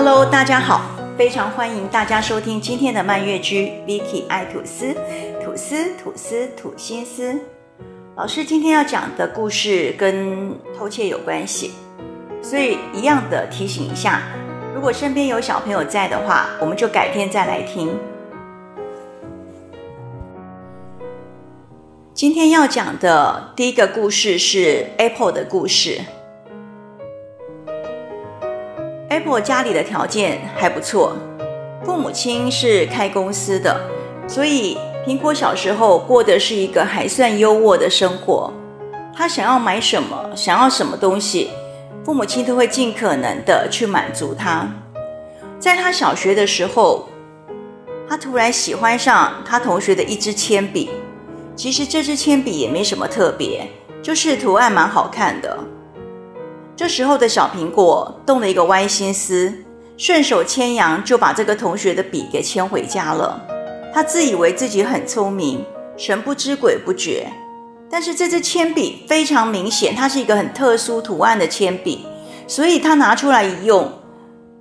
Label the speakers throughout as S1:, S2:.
S1: Hello，大家好，非常歡迎大家收聽今天的《漫月居》Vicky 愛吐司，吐司吐司吐心思。老師今天要講的故事跟偷竊有關係，所以一樣的提醒一下，如果身邊有小朋友在的話，我們就改天再來聽。今天要講的第一個故事是 Apple 的故事。Apple 家裡的條件還不錯，父母親是開公司的，所以蘋果小時候過的是一個還算優渥的生活。他想要買什麼，想要什麼東西，父母親都會盡可能的去滿足他。在他小學的時候，他突然喜歡上他同學的一支鉛筆，其實這支鉛筆也沒什麼特別，就是圖案蠻好看的。這時候的小蘋果動了一個歪心思，順手牽羊就把這個同學的筆給牽回家了。他自以為自己很聰明，神不知鬼不覺。但是這支鉛筆非常明顯，它是一個很特殊圖案的鉛筆，所以他拿出來一用，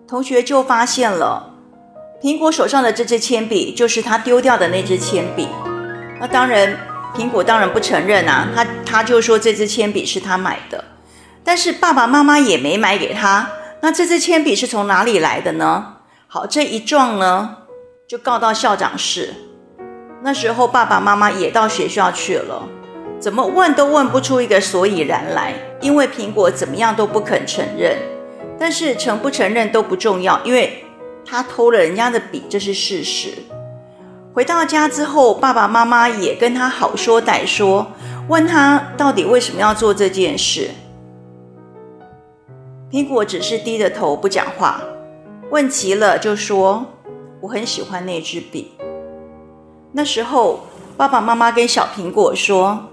S1: 同學就發現了，蘋果手上的這支鉛筆就是他丟掉的那支鉛筆。那當然，蘋果當然不承認啊，他他就說這支鉛筆是他買的。但是爸爸媽媽也沒買給他，那這支鉛筆是從哪裡來的呢？好，這一狀呢，就告到校長室。那時候爸爸媽媽也到學校去了，怎麼問都問不出一個所以然來，因為蘋果怎麼樣都不肯承認。但是承不承認都不重要，因為他偷了人家的筆，這是事實。回到家之後，爸爸媽媽也跟他好說歹說，問他到底為什麼要做這件事。蘋果只是低着頭不講話，問急了就說：“我很喜歡那支筆。”那時候，爸爸媽媽跟小蘋果說：“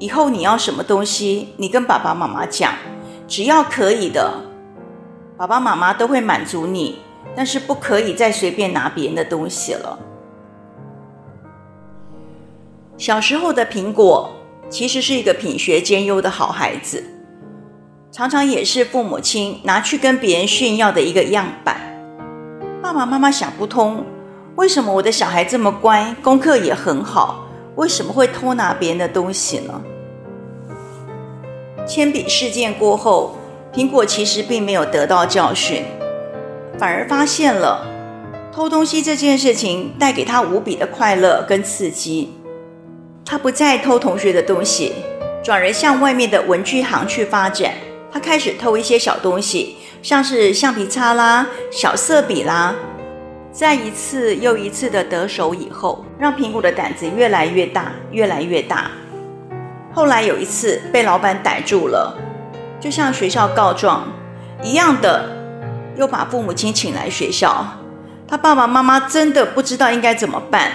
S1: 以後你要什麼東西，你跟爸爸媽媽講，只要可以的，爸爸媽媽都會滿足你。但是不可以再隨便拿別人的東西了。”小時候的蘋果其實是一個品學兼優的好孩子。常常也是父母親拿去跟別人炫耀的一個樣板。爸爸媽媽想不通，為什麼我的小孩這麼乖，功課也很好，為什麼會偷拿別人的東西呢？鉛筆事件過後，蘋果其實並沒有得到教訓，反而發現了偷東西這件事情帶給他無比的快樂跟刺激。他不再偷同學的東西，轉而向外面的文具行去發展。他開始偷一些小東西，像是橡皮擦啦、小色筆啦，在一次又一次的得手以後，讓蘋果的膽子越來越大，越來越大。後來有一次被老闆逮住了，就向學校告狀一樣的，又把父母親請來學校。他爸爸媽媽真的不知道應該怎麼辦，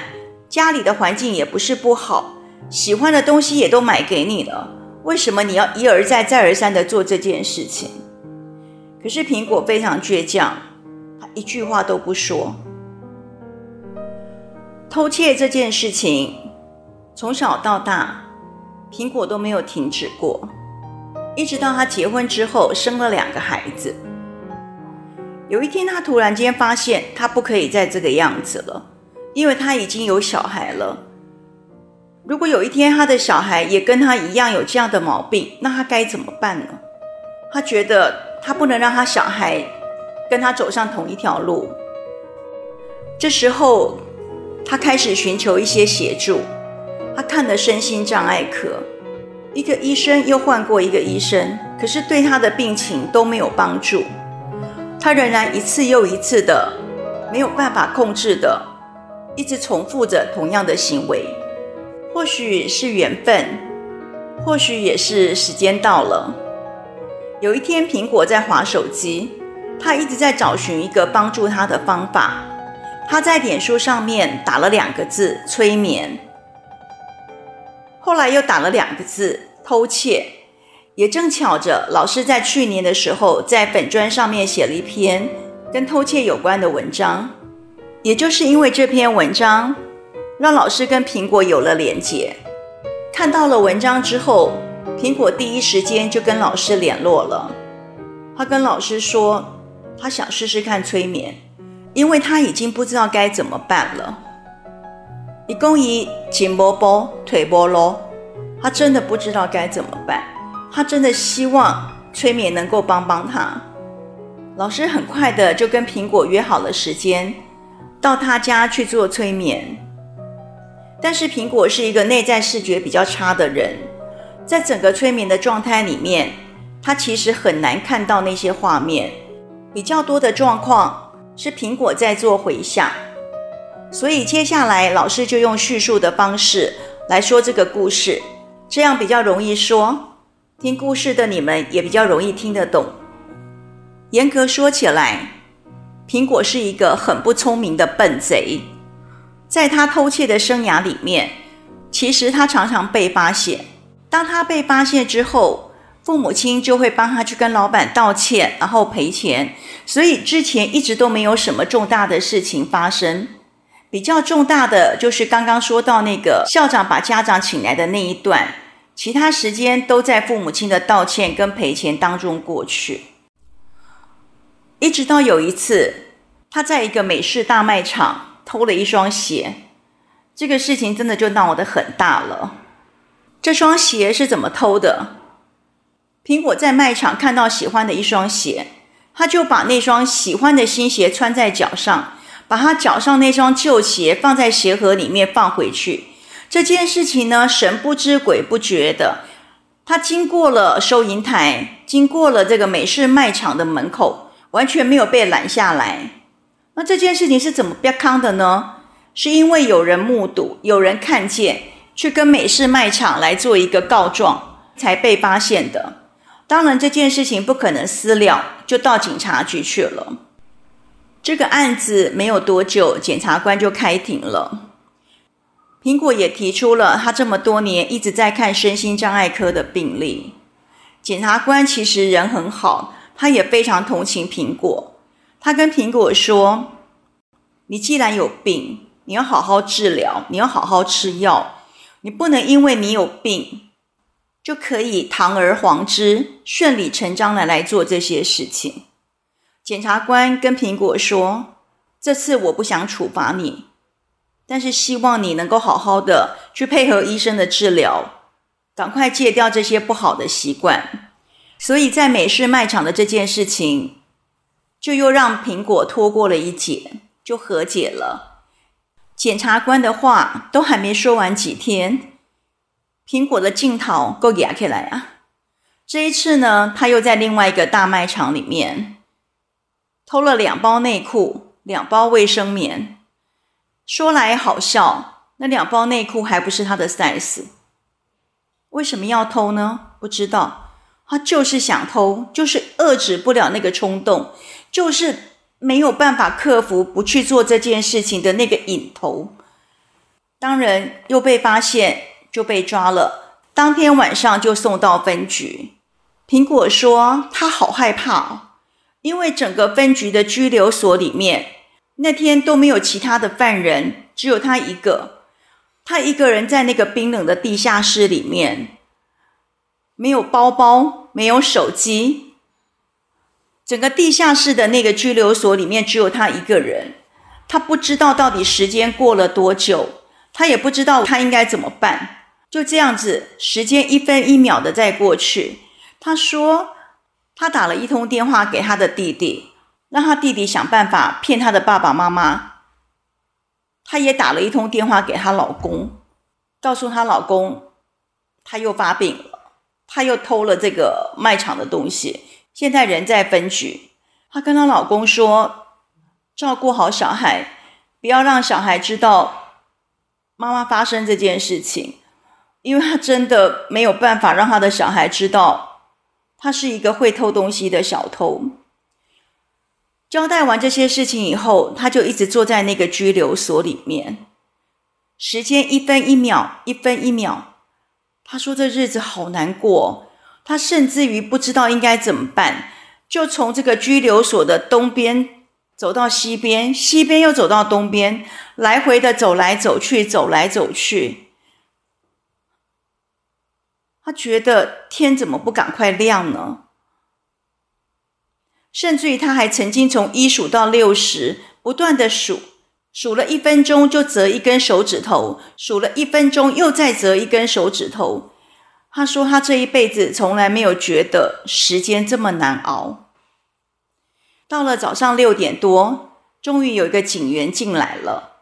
S1: 家裡的環境也不是不好，喜歡的東西也都買給你了。為什麼你要一而再、再而三地做這件事情？可是蘋果非常倔強，他一句話都不說。偷竊這件事情從小到大，蘋果都沒有停止過，一直到他結婚之後，生了兩個孩子。有一天，他突然間發現他不可以再這個樣子了，因為他已經有小孩了。如果有一天他的小孩也跟他一樣有這樣的毛病，那他該怎麼辦呢？他覺得他不能讓他小孩跟他走上同一條路。這時候，他開始尋求一些協助。他看了身心障礙科，一個醫生又換過一個醫生，可是對他的病情都沒有幫助。他仍然一次又一次的沒有辦法控制的，一直重複着同樣的行為。或許是緣分，或許也是時間到了。有一天，蘋果在滑手機，他一直在找尋一個幫助他的方法。他在臉書上面打了兩個字“催眠”，後來又打了兩個字“偷竊”。也正巧着，老師在去年的時候在粉專上面寫了一篇跟偷竊有關的文章，也就是因為這篇文章。讓老師跟蘋果有了連結，看到了文章之後，蘋果第一時間就跟老師聯絡了。他跟老師說，他想試試看催眠，因為他已經不知道該怎麼辦了。一公一頸波波腿波羅，他真的不知道該怎麼辦，他真的希望催眠能夠幫幫他。老師很快的就跟蘋果約好了時間，到他家去做催眠。但是蘋果是一個內在視覺比較差的人，在整個催眠的狀態裡面，他其實很難看到那些畫面。比較多的狀況是蘋果在做回響，所以接下來老師就用敘述的方式來說這個故事，這樣比較容易說，聽故事的你們也比較容易聽得懂。嚴格說起來，蘋果是一個很不聰明的笨賊。在他偷竊的生涯裡面，其實他常常被發現。當他被發現之後，父母親就會幫他去跟老闆道歉，然後賠錢。所以之前一直都沒有什麼重大的事情發生。比較重大的就是剛剛說到那個校長把家長請來的那一段，其他時間都在父母親的道歉跟賠錢當中過去。一直到有一次，他在一個美式大賣場。偷了一雙鞋，這個事情真的就鬧得很大了。這雙鞋是怎麼偷的？Apple 在賣場看到喜歡的一雙鞋，他就把那雙喜歡的新鞋穿在腳上，把他腳上那雙舊鞋放在鞋盒裡面放回去。這件事情呢，神不知鬼不覺的，他經過了收銀檯，經過了這個美式賣場的門口，完全沒有被攔下來。那這件事情是怎麼曝光的呢？是因為有人目睹、有人看見，去跟美式賣場來做一個告狀，才被發現的。當然，這件事情不可能私了，就到警察局去了。這個案子沒有多久，檢察官就開庭了。蘋果也提出了，他這麼多年一直在看身心障礙科的病例。檢察官其實人很好，他也非常同情蘋果。他跟蘋果說：“你既然有病，你要好好治療，你要好好吃藥，你不能因為你有病就可以堂而皇之、順理成章的來，來做這些事情。”檢察官跟蘋果說：“這次我不想處罰你，但是希望你能夠好好的去配合醫生的治療，趕快戒掉這些不好的習慣。”所以在美式賣場的這件事情，就又讓蘋果拖過了一劫，就和解了。檢察官的話都還沒說完，幾天，蘋果的鏡頭夠野起來啊！這一次呢，他又在另外一個大賣場裡面偷了兩包內褲，兩包衛生棉。說來好笑，那兩包內褲還不是他的 size？為什麼要偷呢？不知道，他就是想偷，就是遏制不了那個衝動。就是沒有辦法克服不去做這件事情的那個癮頭，當然又被發現就被抓了，當天晚上就送到分局。蘋果說他好害怕，因為整個分局的拘留所裡面那天都沒有其他的犯人，只有他一個，他一個人在那個冰冷的地下室裡面，沒有包包，沒有手機。整個地下室的那個拘留所裡面只有他一個人，他不知道到底時間過了多久，他也不知道他應該怎麼辦。就這樣子，時間一分一秒的在過去。他說，他打了一通電話給他的弟弟，讓他弟弟想辦法騙他的爸爸媽媽。他也打了一通電話給他老公，告訴他老公，他又發病了，他又偷了這個賣場的東西。現在人在分局，她跟她老公說：“照顧好小孩，不要讓小孩知道媽媽發生這件事情，因為她真的沒有辦法讓她的小孩知道，她是一個會偷東西的小偷。”交代完這些事情以後，她就一直坐在那個拘留所裡面，時間一分一秒，一分一秒，她說：“這日子好難過。”他甚至於不知道應該怎麼辦，就從這個拘留所的東邊走到西邊，西邊又走到東邊，來回的走來走去，走來走去。他覺得天怎麼不趕快亮呢？甚至於他還曾經從一數到六十，不斷的數，數了一分鐘就折一根手指頭，數了一分鐘又再折一根手指頭。他說：“他這一輩子從來沒有覺得時間這麼難熬。到了早上六點多，終於有一個警員進來了。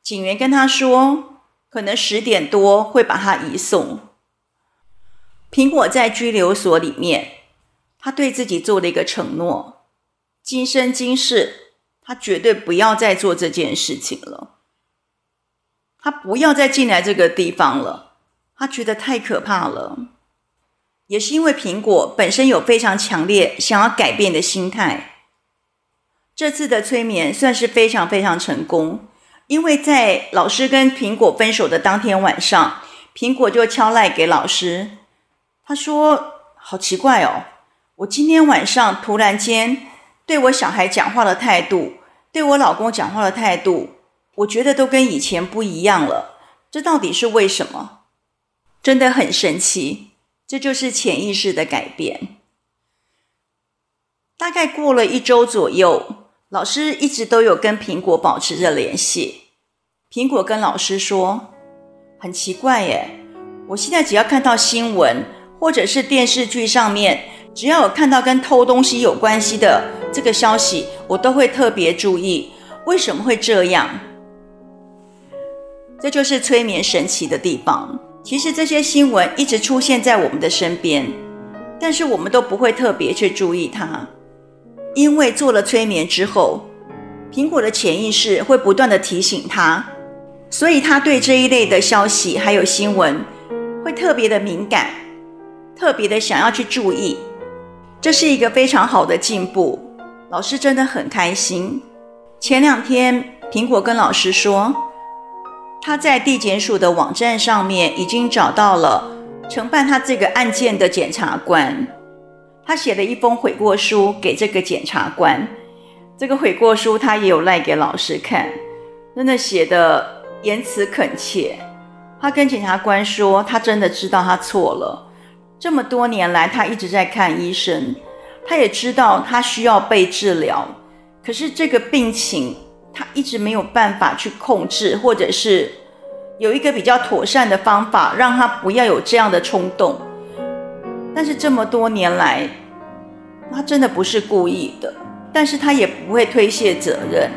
S1: 警員跟他說，可能十點多會把他移送。蘋果在拘留所裡面，他對自己做了一個承諾：今生今世，他絕對不要再做這件事情了。他不要再進來這個地方了。”他覺得太可怕了，也是因為蘋果本身有非常強烈想要改變的心態。這次的催眠算是非常非常成功，因為在老師跟蘋果分手的當天晚上，蘋果就敲賴給老師，他說：“好奇怪哦，我今天晚上突然間對我小孩講話的態度，對我老公講話的態度，我覺得都跟以前不一樣了，這到底是為什麼？”真的很神奇，這就是潛意識的改變。大概過了一周左右，老師一直都有跟蘋果保持着聯繫。蘋果跟老師說：“很奇怪耶，我現在只要看到新聞或者是電視劇上面，只要有看到跟偷東西有關係的這個消息，我都會特別注意。為什麼會這樣？這就是催眠神奇的地方。”其實這些新聞一直出現在我們的身邊，但是我們都不會特別去注意它，因為做了催眠之後，蘋果的潛意識會不斷的提醒他，所以他對這一類的消息還有新聞會特別的敏感，特別的想要去注意。這是一個非常好的進步，老師真的很開心。前兩天蘋果跟老師說。他在地檢署的網站上面已經找到了承辦他這個案件的檢察官，他寫了一封悔過書給這個檢察官，這個悔過書他也有賴給老師看，真的寫得言辭懇切。他跟檢察官說，他真的知道他錯了，這麼多年來他一直在看醫生，他也知道他需要被治療，可是這個病情，他一直沒有辦法去控制，或者是有一個比較妥善的方法，讓他不要有這樣的衝動。但是這麼多年來，他真的不是故意的，但是他也不會推卸責任。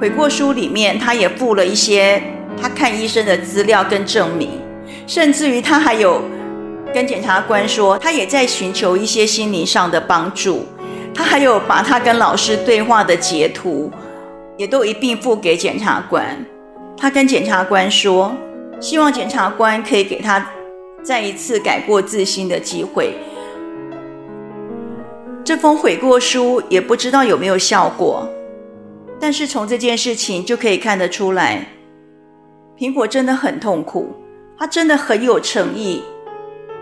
S1: 悔過書裡面，他也附了一些他看醫生的資料跟證明，甚至於他還有跟檢察官說，他也在尋求一些心靈上的幫助。他還有把他跟老師對話的截圖。也都一併付給檢察官。他跟檢察官說，希望檢察官可以給他再一次改過自新的機會。這封悔過書也不知道有沒有效果，但是從這件事情就可以看得出來，蘋果真的很痛苦，他真的很有誠意，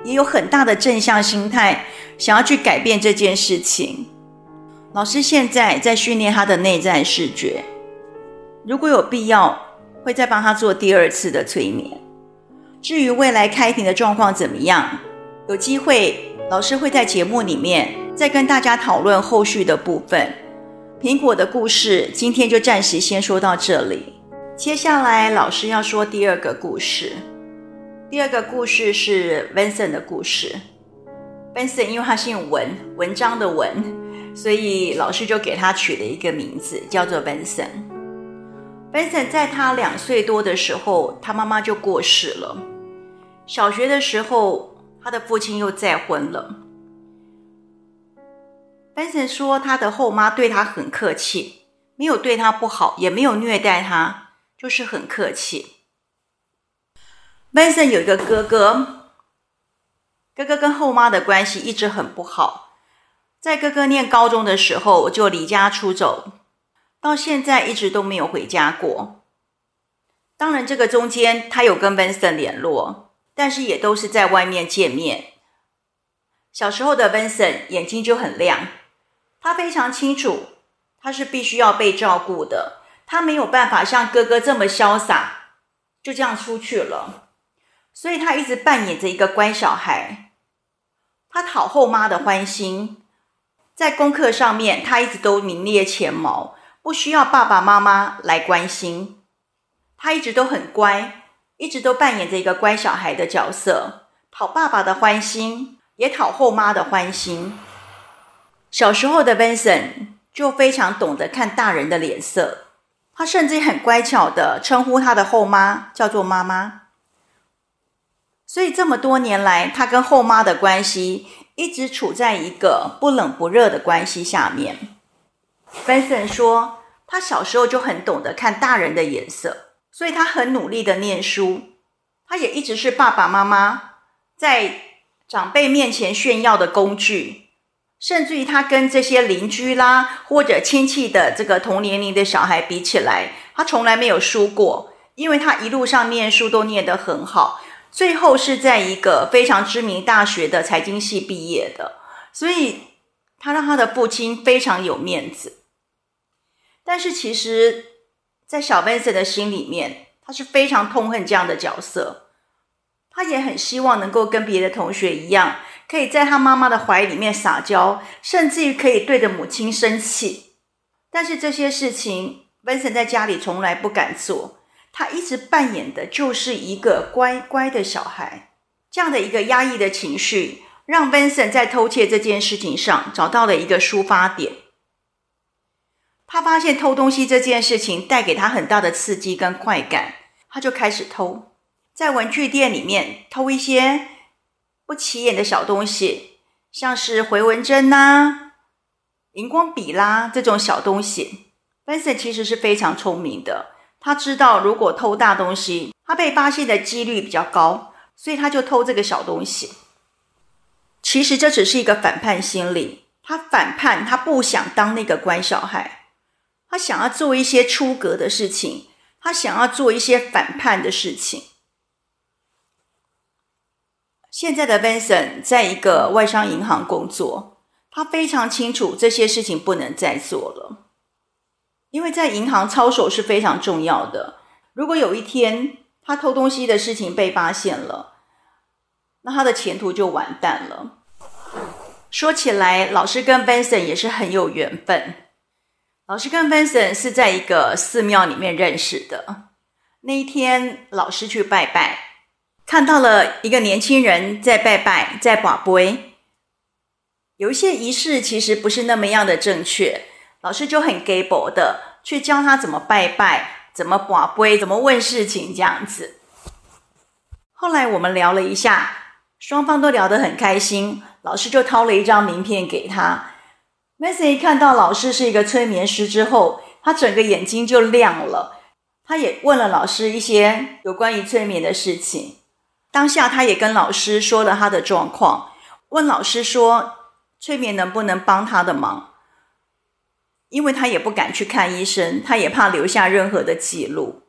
S1: 也有很大的正向心態，想要去改變這件事情。老師現在在訓練他的內在視覺，如果有必要，會再幫他做第二次的催眠。至於未來開庭的狀況怎麼樣，有機會老師會在節目裡面再跟大家討論後續的部分。蘋果的故事今天就暫時先說到這裡，接下來老師要說第二個故事。第二個故事是 Vincent 的故事。Vincent 因為他姓文，文章的文。所以老師就給他取了一個名字，叫做 Vincent。Vincent 在他兩歲多的時候，他媽媽就過世了。小學的時候，他的父親又再婚了。Vincent 說，他的後媽對他很客氣，沒有對他不好，也沒有虐待他，就是很客氣。Vincent 有一個哥哥，哥哥跟後媽的關係一直很不好。在哥哥念高中的時候，我就離家出走，到現在一直都沒有回家過。當然，這個中間他有跟 Vincent 聯絡，但是也都是在外面見面。小時候的 Vincent 眼睛就很亮，他非常清楚他是必須要被照顧的，他沒有辦法像哥哥這麼瀟灑就這樣出去了，所以他一直扮演着一個乖小孩，他討後媽的歡心。在功課上面，他一直都名列前茅，不需要爸爸媽媽來關心。他一直都很乖，一直都扮演着一個乖小孩的角色，討爸爸的歡心，也討後媽的歡心。小時候的 Vincent 就非常懂得看大人的臉色，他甚至很乖巧的稱呼他的後媽叫做媽媽。所以這麼多年來，他跟後媽的關係，一直處在一個不冷不熱的關係下面。Vincent 說，他小時候就很懂得看大人的眼色，所以他很努力的念書。他也一直是爸爸媽媽在長輩面前炫耀的工具，甚至於他跟這些鄰居啦或者親戚的這個同年齡的小孩比起來，他從來沒有輸過，因為他一路上念書都念得很好。最後是在一個非常知名大學的財經系畢業的，所以他讓他的父親非常有面子。但是其實，在小 Vincent 的心裡面，他是非常痛恨這樣的角色。他也很希望能夠跟別的同學一樣，可以在他媽媽的懷裡面撒嬌，甚至於可以對着母親生氣。但是這些事情，Vincent 在家裡從來不敢做。他一直扮演的就是一個乖乖的小孩，這樣的一個壓抑的情緒，讓 Vincent 在偷竊這件事情上找到了一個抒發點。他發現偷東西這件事情帶給他很大的刺激跟快感，他就開始偷，在文具店裡面偷一些不起眼的小東西，像是回紋針啦、啊、熒光筆啦這種小東西。Vincent 其實是非常聰明的。他知道，如果偷大東西，他被發現的幾率比較高，所以他就偷這個小東西。其實這只是一個反叛心理，他反叛，他不想當那個乖小孩，他想要做一些出格的事情，他想要做一些反叛的事情。現在的 Vincent 在一個外商銀行工作，他非常清楚這些事情不能再做了。因為在銀行操守是非常重要的。如果有一天他偷東西的事情被發現了，那他的前途就完蛋了。說起來，老師跟 Vincent 也是很有緣分。老師跟 Vincent 是在一個寺廟裡面認識的。那一天，老師去拜拜，看到了一個年輕人在拜拜，在跋杯。有一些儀式其實不是那麼樣的正確。老師就很雞婆的去教他怎麼拜拜，怎麼把杯，怎麼問事情這樣子。後來我們聊了一下，雙方都聊得很開心。老師就掏了一張名片給他。Messi 看到老師是一個催眠師之後，他整個眼睛就亮了。他也問了老師一些有關於催眠的事情。當下他也跟老師說了他的狀況，問老師說催眠能不能幫他的忙。因為他也不敢去看醫生，他也怕留下任何的記錄。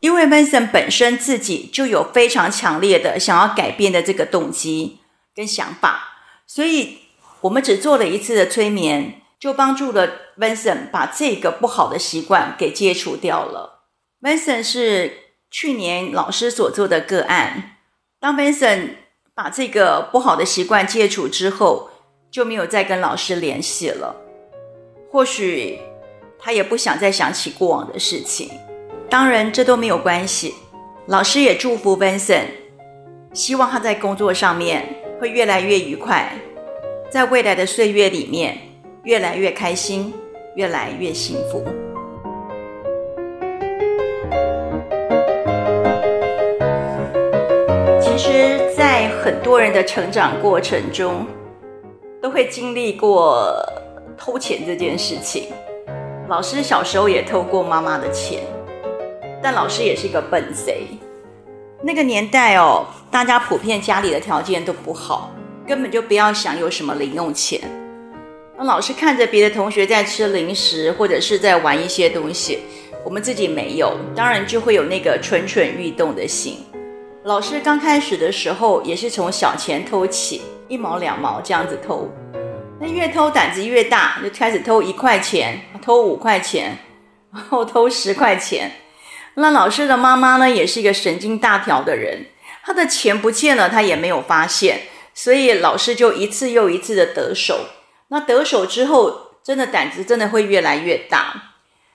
S1: 因為 Vincent 本身自己就有非常強烈的想要改變的這個動機跟想法，所以我們只做了一次的催眠，就幫助了 Vincent 把這個不好的習慣給戒除掉了。Vincent 是去年老師所做的個案，當 Vincent 把這個不好的習慣戒除之後，就沒有再跟老師聯繫了。或許他也不想再想起過往的事情，當然這都沒有關係。老師也祝福 Vincent，希望他在工作上面會越來越愉快，在未來的歲月裡面越來越開心，越來越幸福。其實，在很多人的成長過程中，都會經歷過。偷錢這件事情，老師小時候也偷過媽媽的錢，但老師也是一個笨賊。那個年代哦，大家普遍家裡的條件都不好，根本就不要想有什麼零用錢。那老師看着別的同學在吃零食或者是在玩一些東西，我們自己沒有，當然就會有那個蠢蠢欲動的心。老師剛開始的時候也是從小錢偷起，一毛兩毛這樣子偷。那越偷膽子越大，就開始偷一塊錢，偷五塊錢，然後偷十塊錢。那老師的媽媽呢，也是一個神經大條的人，她的錢不見了，她也沒有發現，所以老師就一次又一次的得手。那得手之後，真的膽子真的會越來越大。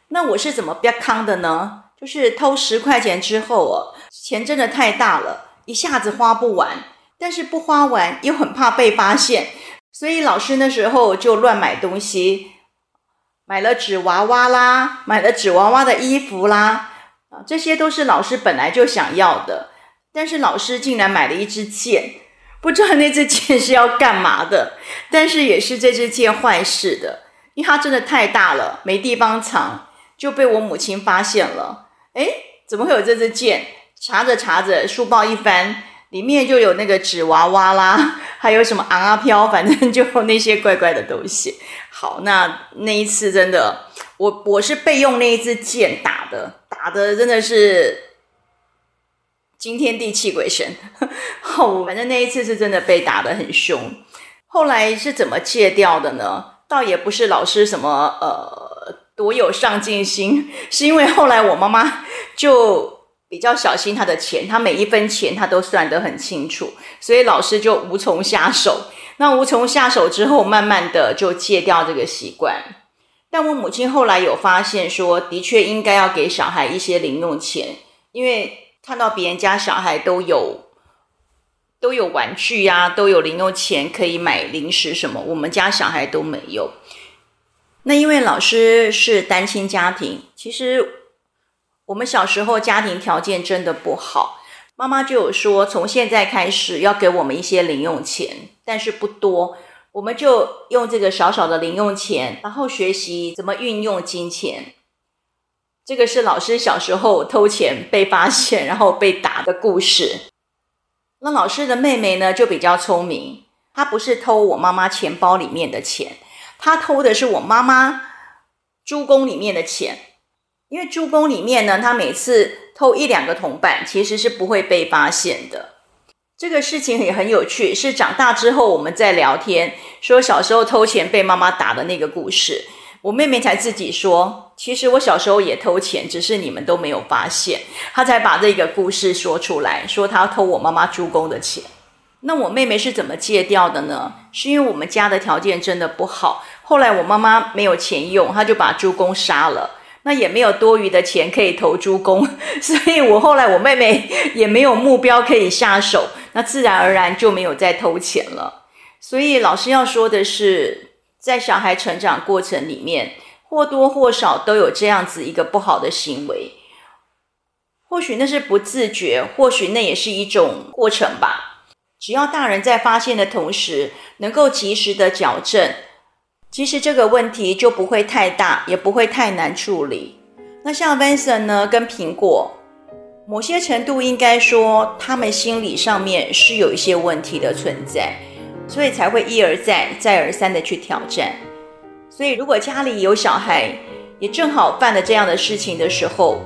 S1: 那我是怎麼不要康的呢？就是偷十塊錢之後哦，錢真的太大了，一下子花不完，但是不花完又很怕被發現。所以老師那時候就亂買東西，買了紙娃娃啦，買了紙娃娃的衣服啦，啊，這些都是老師本來就想要的。但是老師竟然買了一支劍，不知道那支劍是要幹嘛的，但是也是這支劍壞事的，因為它真的太大了，沒地方藏，就被我母親發現了。誒，怎麼會有這支劍？查着查着，書包一翻。裡面就有那個紙娃娃啦，還有什麼昂啊、阿飄，反正就那些怪怪的東西。好，那那一次真的，我我是被用那一支箭打的，打的真的是驚天地泣鬼神。好、哦，反正那一次是真的被打得很兇。後來是怎麼戒掉的呢？倒也不是老師什麼呃多有上進心，是因為後來我媽媽就。比較小心他的錢，他每一分錢他都算得很清楚，所以老師就無從下手。那無從下手之後，慢慢的就戒掉這個習慣。但我母親後來有發現說，的確應該要給小孩一些零用錢，因為看到別人家小孩都有都有玩具啊，都有零用錢可以買零食什麼，我們家小孩都沒有。那因為老師是單親家庭，其實。我們小時候家庭條件真的不好，媽媽就有說，從現在開始要給我們一些零用錢，但是不多，我們就用這個小小的零用錢，然後學習怎麼運用金錢。這個是老師小時候偷錢被發現，然後被打的故事。那老師的妹妹呢，就比較聰明，她不是偷我媽媽錢包裡面的錢，她偷的是我媽媽豬公裡面的錢。因為豬公裡面呢，他每次偷一兩個銅板，其實是不會被發現的。這個事情也很有趣，是長大之後我們在聊天，說小時候偷錢被媽媽打的那個故事。我妹妹才自己說，其實我小時候也偷錢，只是你們都沒有發現。她才把這個故事說出來，說她偷我媽媽豬公的錢。那我妹妹是怎麼戒掉的呢？是因為我們家的條件真的不好，後來我媽媽沒有錢用，她就把豬公殺了。那也沒有多餘的錢可以投諸公，所以我後來我妹妹也沒有目標可以下手，那自然而然就沒有再偷錢了。所以老師要說的是，在小孩成長過程裡面，或多或少都有這樣子一個不好的行為，或許那是不自覺，或許那也是一種過程吧。只要大人在發現的同時，能夠及時的矯正。其實這個問題就不會太大，也不會太難處理。那像 Vincent 呢，跟蘋果，某些程度應該說，他們心理上面是有一些問題的存在，所以才會一而再、再而三地去挑戰。所以，如果家裡有小孩，也正好犯了這樣的事情的時候，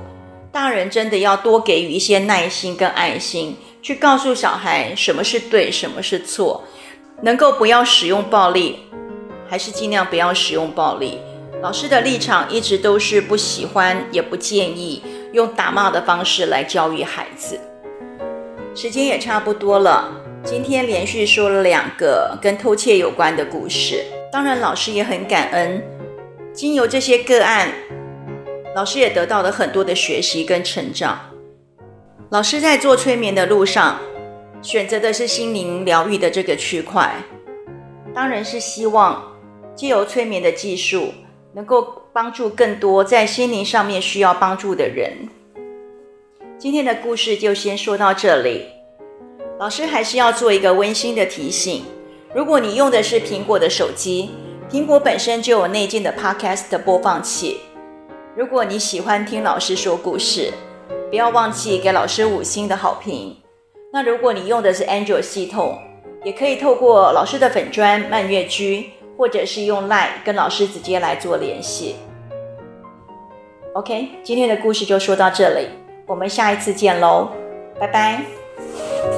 S1: 大人真的要多給予一些耐心跟愛心，去告訴小孩什麼是對，什麼是錯，能夠不要使用暴力。還是盡量不要使用暴力。老師的立場一直都是不喜歡，也不建議用打罵的方式來教育孩子。時間也差不多了，今天連續說了兩個跟偷竊有關的故事。當然，老師也很感恩，經由這些個案，老師也得到了很多的學習跟成長。老師在做催眠的路上，選擇的是心靈療癒的這個區塊，當然是希望。借由催眠的技術，能夠幫助更多在心靈上面需要幫助的人。今天的故事就先說到這裡。老師還是要做一個溫馨的提醒：如果你用的是蘋果的手機，蘋果本身就有內建的 Podcast 播放器。如果你喜歡聽老師說故事，不要忘記給老師五星的好評。那如果你用的是 Android 系統，也可以透過老師的粉專慢月居。或者是用 Line 跟老師直接來做聯繫。OK，今天的故事就說到這裡，我們下一次見嘍，拜拜。